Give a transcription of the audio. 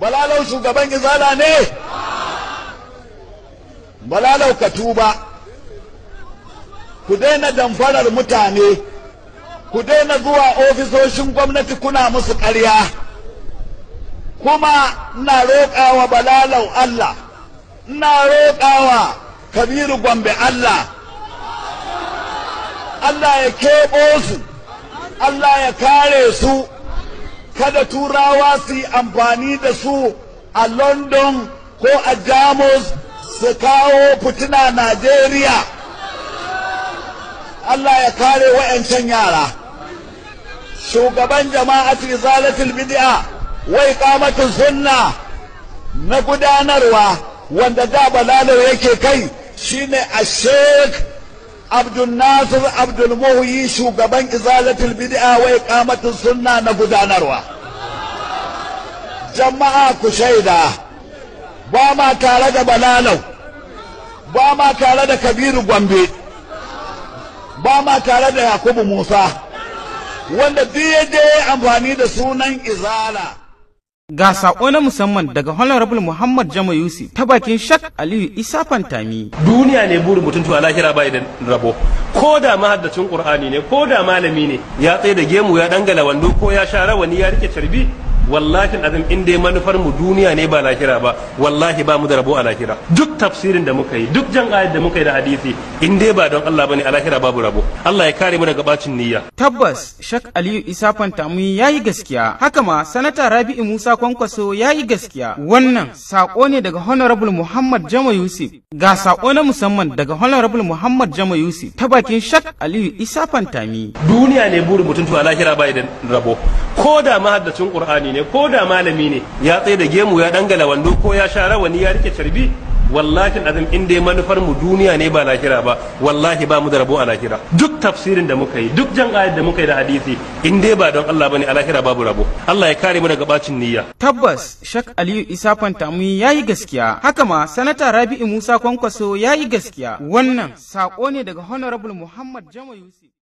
balalau shugaban izala ne balalau ka tuba ku daina damfarar mutane ku daina zuwa ofisoshin gwamnati kuna musu ƙarya kuma ina roƙawa balalau Allah ina roƙawa kabiru gombe Allah Allah ya keɓo su Allah ya kare su kada turawa su yi amfani da su a london ko a jamus su kawo fitina najeriya allah ya kare wa'yancan yara shugaban jama'atul zalatul bid'a wai kamatin sunna na gudanarwa wanda da balalar yake kai shine a sheikh abdul nasir abdul muhyi shugaban izalatul bid'a wai kamatin sunna na gudanarwa jama'a ku shaida ba ma tare da bananau ba ma tare da kabiru gombe ba ma tare da yakubu musa wanda duk ya amfani da sunan izala Ga saƙo na musamman daga Honorable Muhammad Jama Yusi ta bakin Shak Aliyu Isa Fantami. Duniya ne burin mutum tuwa lahira bai da rabo. Ko da mahaddacin Qur'ani ne, ko da malami ne, ya tsaye da gemu ya dangala wando ko ya sha rawani ya rike carbi wallahi azim in dai manufar mu duniya ne ba lahira ba wallahi ba mu da rabo a lahira duk tafsirin da muka yi duk jan ayat da muka yi da hadisi in dai ba don Allah bane a lahira babu rabo Allah ya kare mu daga bacin niyya tabbas shak aliyu isa fantami yayi gaskiya haka ma sanata rabi'u musa kwankwaso yayi gaskiya wannan sako ne daga honorable muhammad jama yusuf ga sako na musamman daga honorable muhammad jama yusuf ta bakin shak aliyu isa fantami duniya ne burin mutuntu a lahira ba da rabo ko da mahaddacin qur'ani ne ko da malami ne ya tsaye da gemu ya dangala wando ko ya sha rawani ya rike carbi wallahi azim in dai manufar mu duniya ne ba lahira ba wallahi ba mu da rabo a lahira duk tafsirin da muka yi duk jan ayat da muka yi da hadisi in dai ba don Allah bane a lahira babu rabo Allah ya kare mu daga bacin niyya tabbas shak aliyu isa fanta fantami yayi gaskiya haka ma sanata rabi'u musa kwankwaso yayi gaskiya wannan sako ne daga honorable muhammad jama yusuf